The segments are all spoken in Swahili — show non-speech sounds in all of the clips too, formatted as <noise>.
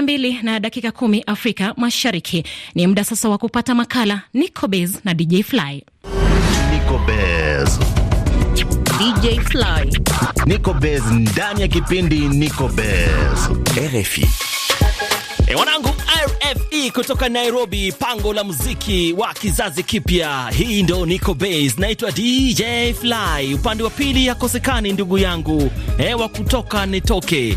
na mbili na dakika kumi Afrika Mashariki. Ni muda sasa wa kupata makala Nico Bez na DJ Fly. Nico Bez. DJ Fly. Nico Bez ndani ya kipindi Nico Bez. RFI. E, eh, wanangu RFE kutoka Nairobi, pango la muziki wa kizazi kipya. Hii ndo Niko Base, naitwa DJ Fly. Upande wa pili yakosekani ndugu yangu, hewa eh, kutoka nitoke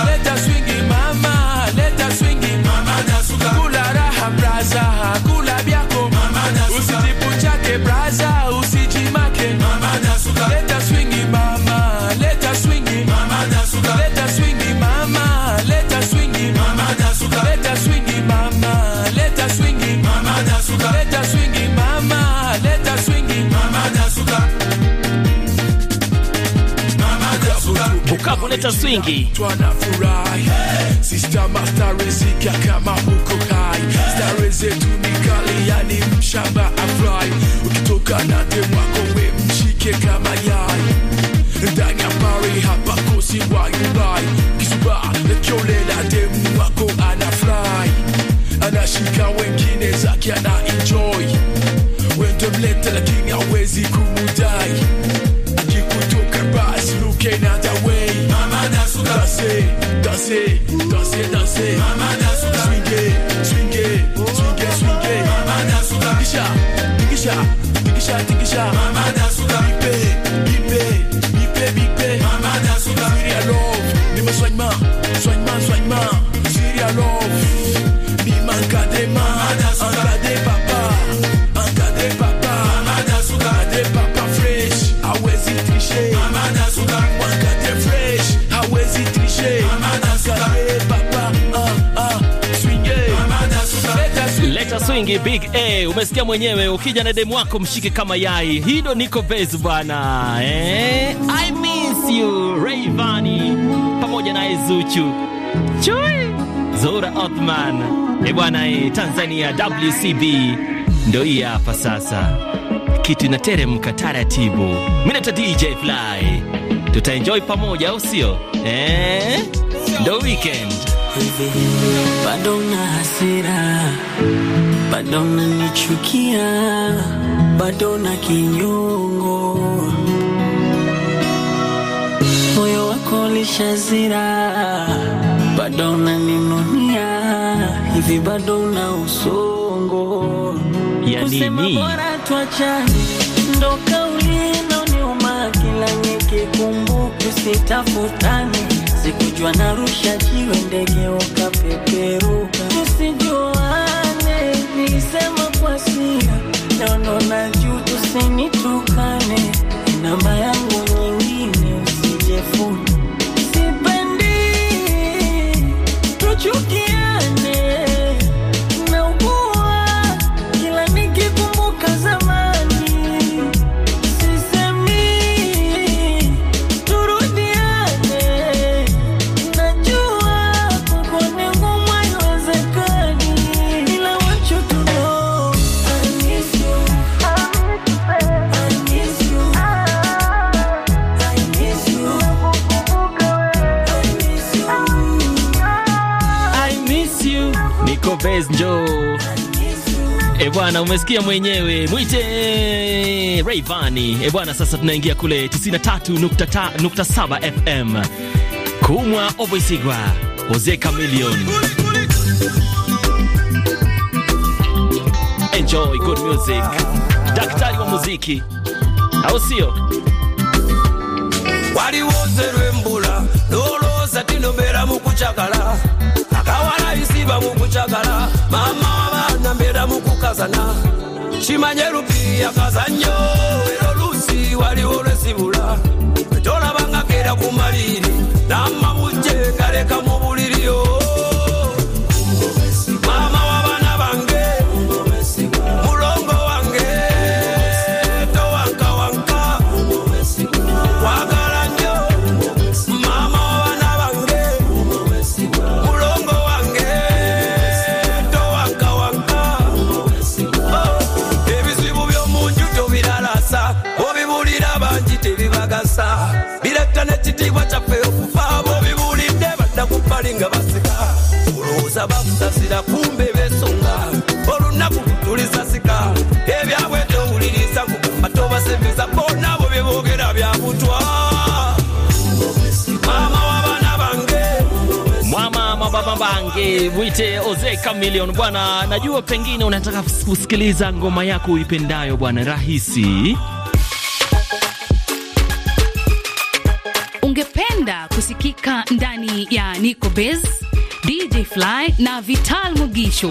Leta swingi mama, leta swingi mama na Kula raha braza. kuleta swingi. Tunafurahi Sister Master rizika kama huko hai, stare zetu ni kali, yani mshamba afurahi. Ukitoka na demu wako we mshike kama yai, ndani pari hapa kosi wairai, kisuba lecholela demu wako anafurahi, anashika wengine zake ana enjoy, wendemlete lakini hawezi kumu swingi big A, umesikia mwenyewe, ukija na demu wako mshike kama yai. Hido niko base bwana eh? I miss you Rayvanny pamoja na Zuchu chui Zora Othman e bwana e, Tanzania WCB ndo hii hapa sasa, kitu inateremka taratibu. Mimi na DJ Fly, tutaenjoy pamoja, au sio eh? Ndo weekend bado na hasira bado nanichukia, bado na kinyongo, moyo wako lishazira, bado naninunia, hivi bado na usongo ya nini? Bora tuachane, ndo kauli inaoniuma kila nikikumbuka, usitafutane, sikujua narusha jiwe, ndege wakapeperuka, tusijuane nilisema kwa sia nono na juu, tusinitukane namba yangu nyingine usijefuna umesikia mwenyewe, mwite Rayvanny e bwana. Sasa tunaingia kule 93.7 FM kumwa Oboisigwa Jose Chameleone. Enjoy good music, daktari wa muziki, au sio? waliwoze lwembula loloza tinombera mukuchakala mwana isiba mukuchagala mama abana mbera mukukazana kimanye lupi yakaza nnyo ero lusi waliwo lwesibula kera kumaliri Bangi mwite Oze Chameleon bwana, najua pengine unataka kusikiliza ngoma yako uipendayo bwana, rahisi ungependa kusikika ndani ya Nico Bez, DJ Fly na Vital Mugisho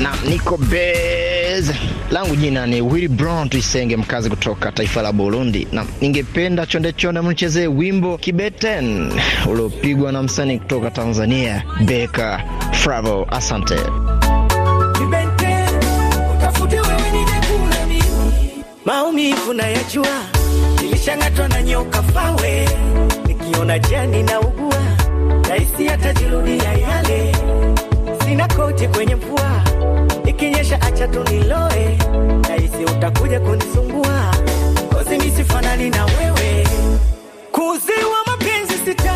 na niko bez langu jina ni willi Brown Tuisenge, mkazi kutoka taifa la Burundi, na ningependa chonde chonde mnichezee wimbo Kibeten uliopigwa na msanii kutoka Tanzania Beka Fravo. Asante. Maumivu na yajua, ilishangatwa na nyoka fawe kiona jani na ugua rahisi, ya yale. Sina koti kwenye mvua, ikinyesha acha niloe, rahisi utakuja kunisumbua, kozi misifanani na wewe, kuziwa mapenzi sita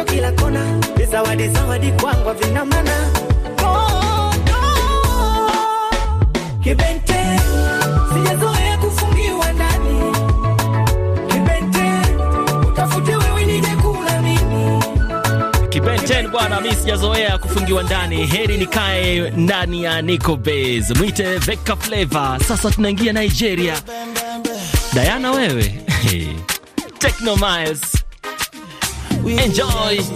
macho kila kona, zawadi zawadi kwangu vina maana Kibente sijazoea kufungiwa ndani, Kibente utafute wewe mimi. Kibente bwana, mimi sijazoea kufungiwa ndani, heri nikae ndani ya Nico Base, mwite Veka Flavor. Sasa tunaingia Nigeria, Diana wewe <laughs> Miles we enjoy. Oh,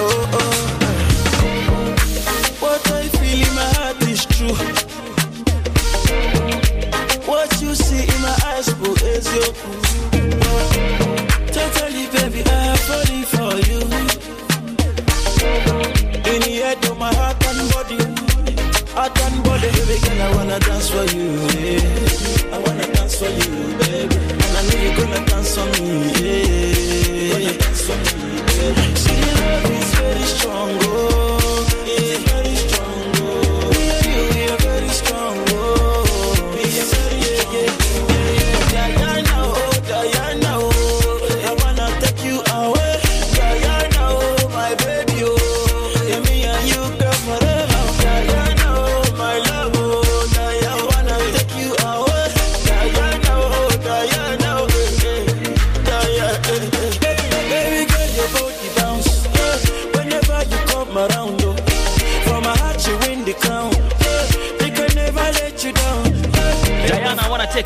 oh, oh, what I feel in my heart is true. What you see in my eyes, bro, is your Totally, baby, I'm falling for you. In the head of my heart and body, heart and body, baby girl, I wanna dance for you.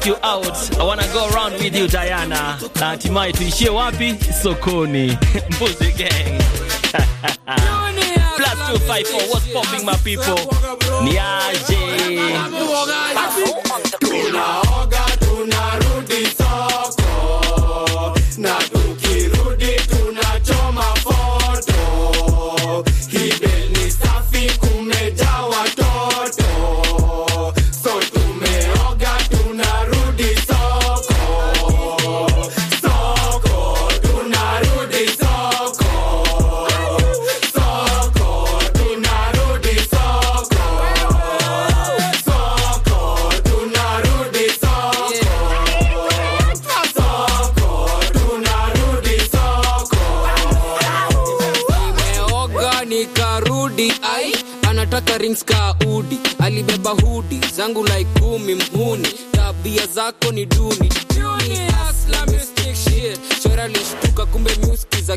you out. I wanna go around with you Diana, na hatimaye tuishie wapi? Sokoni. <laughs> Mbuzi gang plus two five four. What's popping, my people? Niaje.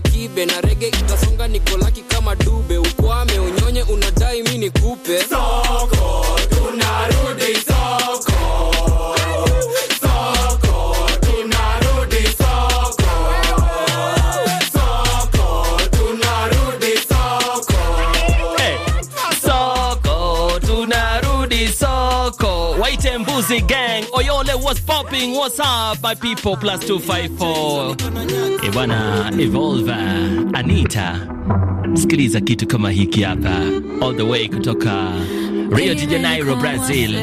keep it. morning. What's up, my people? Plus 254. E eh, bwana, Evolve eh, Anita. Sikiliza kitu kama hiki hapa. All the way kutoka Rio de Janeiro, Brazil.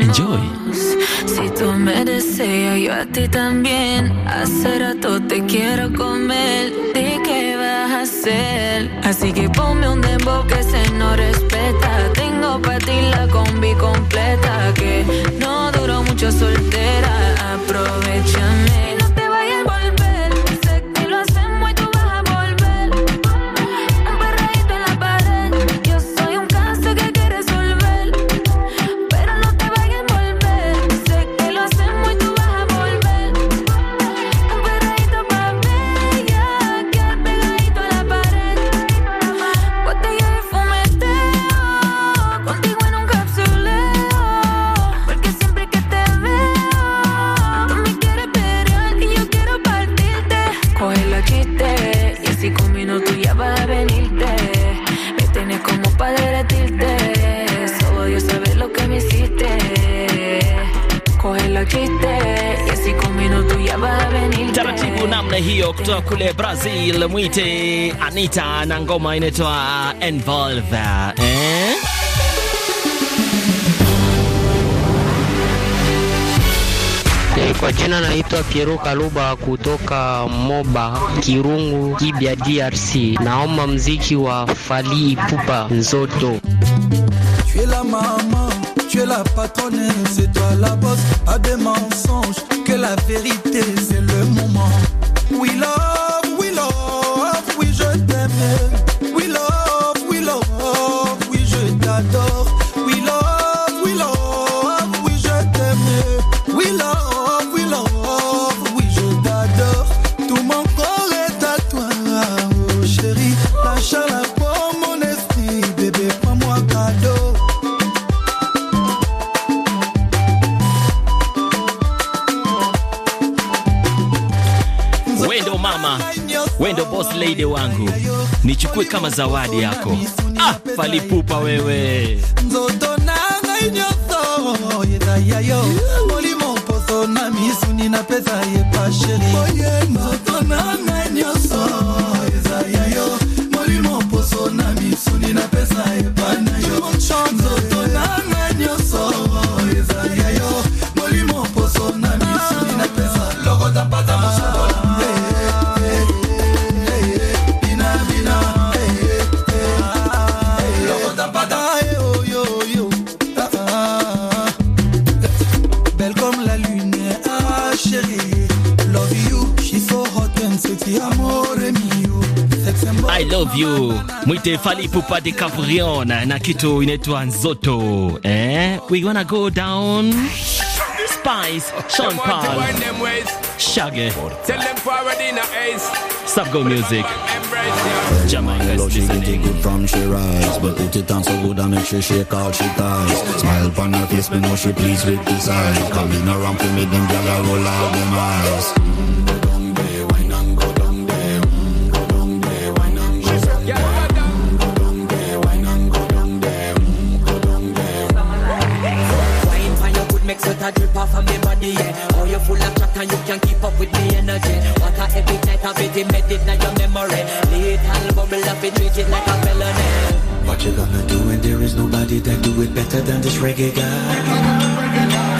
Enjoy. Si tú me deseas, yo a ti también. Hace rato te quiero comer. Así que ponme un dembow que se no respeta. Tengo para ti la combi completa que no duró mucho soltera. Aprovechame Mkamiti Anita na ngoma inaitwa Involve uh, eh? eh? Kwa jina naitwa Piero Kaluba kutoka Moba Kirungu Kibya, DRC. Naomba mziki wa fali Ipupa Nzoto. Tu es la maman, tu es la patronne, c'est toi la boss. que la vérité c'est le moment. Oui, love, oui je t'aime ichukue kama zawadi yako. Ah, palipupa wewe palipo pa de na kitu inaitwa Nzoto eh? We gonna go down Spice, Sean Paul, Shaggy. Tell them forward in a ace. Stop go music. Jamaica is good from she rise But put it on so good I make she shake all she ties Smile upon her face, me know she pleased with this eyes Coming around for me, them gal roll out them eyes and you can keep up with me energy. Walk out every night, I have it embedded in your memory. Little bubble up it, treat it like a felony. What you gonna do when there is nobody that do it better than this reggae guy?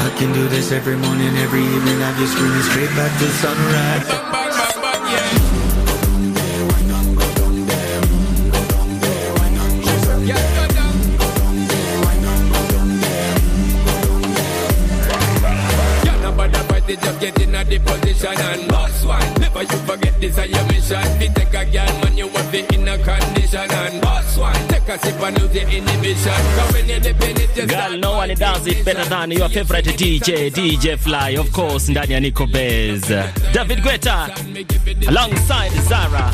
I can do this every morning, every evening. Have you screaming straight back to sunrise. this is your mission. you take a girl, you want condition. And boss one, take a sip and lose inhibition. Come in here, dip in it, just Girl, no one does it better than your favorite DJ, DJ Fly, of course, ndani Nico Bez. David Guetta, alongside Zara.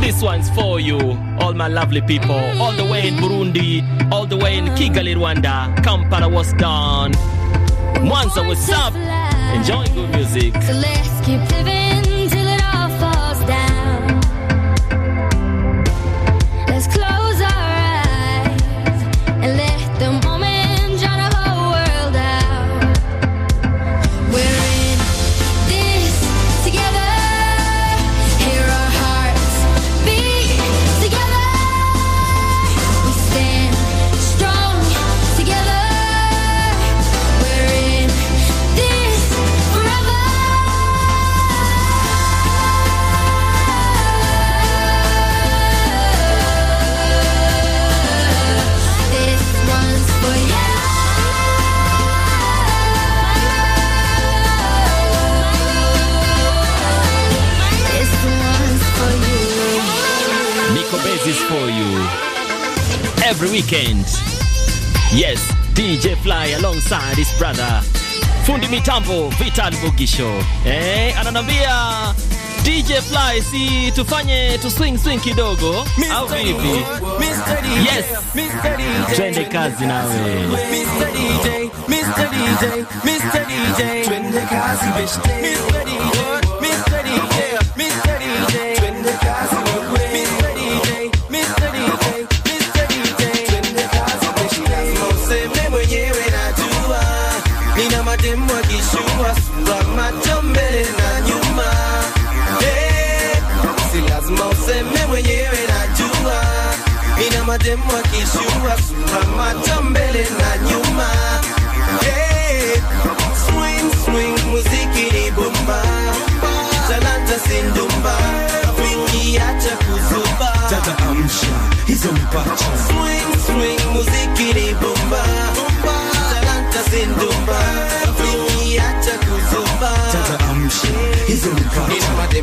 This one's for you, all my lovely people, all the way in Burundi, all the way in Kigali, Rwanda. Kampala was done. Mwanza, what's up? Enjoy good music. So let's keep living. Yes, DJ Fly alongside his brother fundi mitambo Vital Bugisho. Eh, ananambia DJ Fly si tufanye tu swing swing kidogo au vipi? Yes. Twende kazi nawe. Mr. DJ, Mr. DJ, Mr. DJ, twende kazi beshte. dem wakishuwa sura matambele na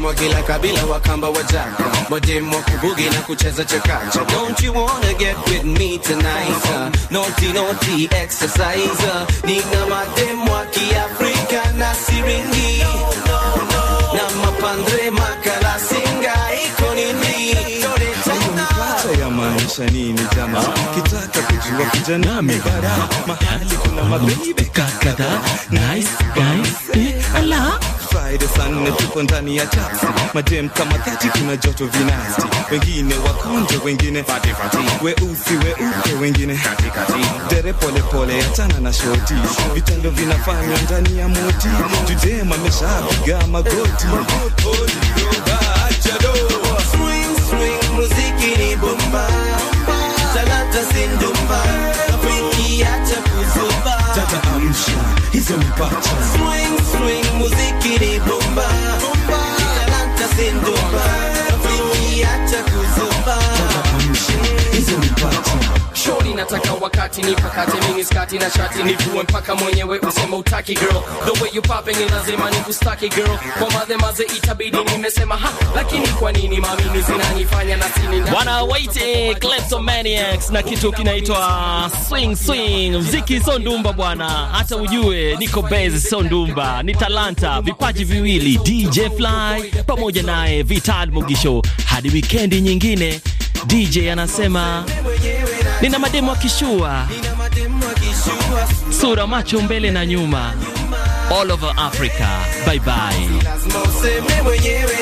Mdemo gila kabila wakamba wajaka Mdemo kubugi na kucheza chakacha Don't you wanna get with me tonight uh, Naughty naughty exercise uh, Nina mademo wa kiafrika na siringi Na mapandre makala singa iko nini ya maisha nini jama kitaka kujua kijana mibara mahali kuna mabebe kakada nice guys eh, ala Friday saa nne tuko ndani ya chaksi, madem kama thati, kuna joto vinasti, wengine wakonje, wengine weusi weupe, wengine dere polepole, achana na shoti, vitendo vinafanywa ndani ya moti, judema ameshapiga magoti Swing, swing, muziki ni bomba, talanta zindu kati ni nipakate mingi skati na shati ni nivue mpaka mwenyewe usema utaki girl the way you popping ni lazima nikustaki girl kwa madhe maze itabidi nimesema ha lakini kwa nini mami mamini zinanifanya na sini wana waite kleptomaniacs na kitu kinaitwa swing swing mziki so ndumba bwana hata ujue niko base so ndumba ni talanta vipaji viwili DJ Fly pamoja naye Vital Mugisho hadi wikendi nyingine DJ anasema nina mademu akishua sura macho mbele na nyuma all over Africa bye bye. mwenyewe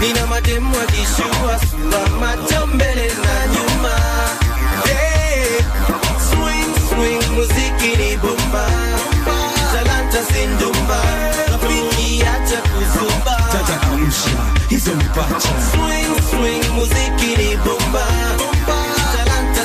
nina mademu sura macho mbele na nyuma Swing, swing, muziki ni sindumba, acha kuzumba, tata hizo mpacha, swing, swing, muziki ni bomba